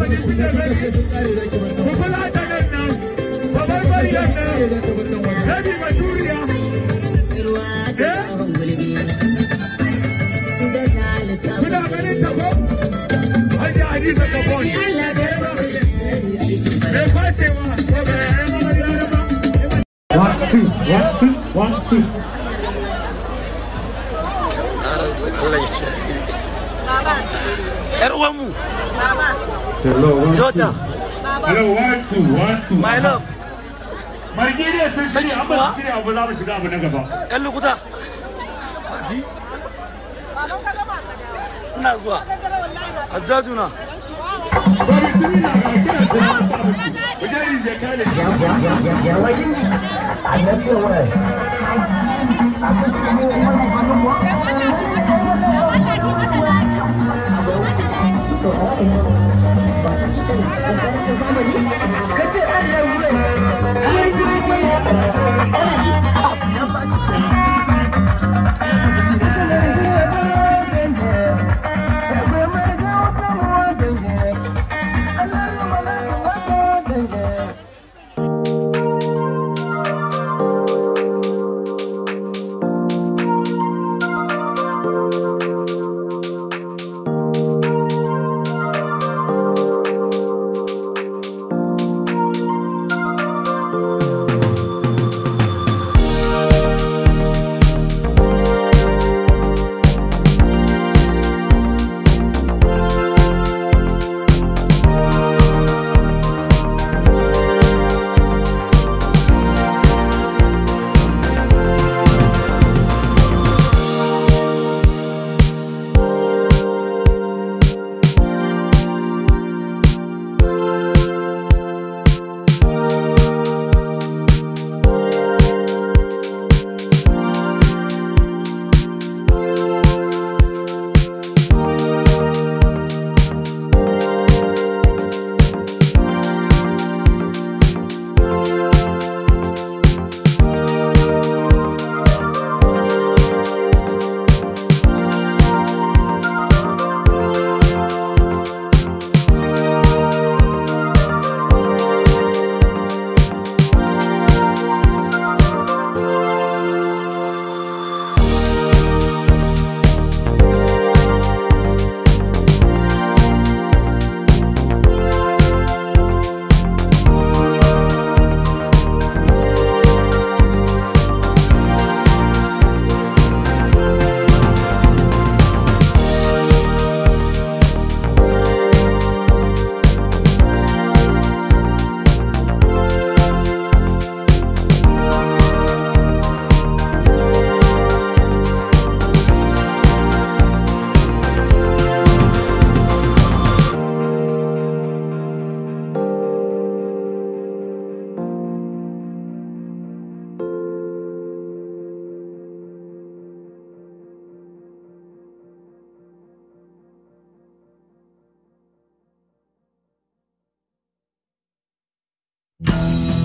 two, one, two, one, two. Yar uwanmu. Baba. daughter hello one two one two my love Margiriya sun shirya abu sun shirya abu za mu shiga abu na gaba. ‘Yan lokuta, kwaji, ina zuwa, hajjajuna. Annabi wa Thank you.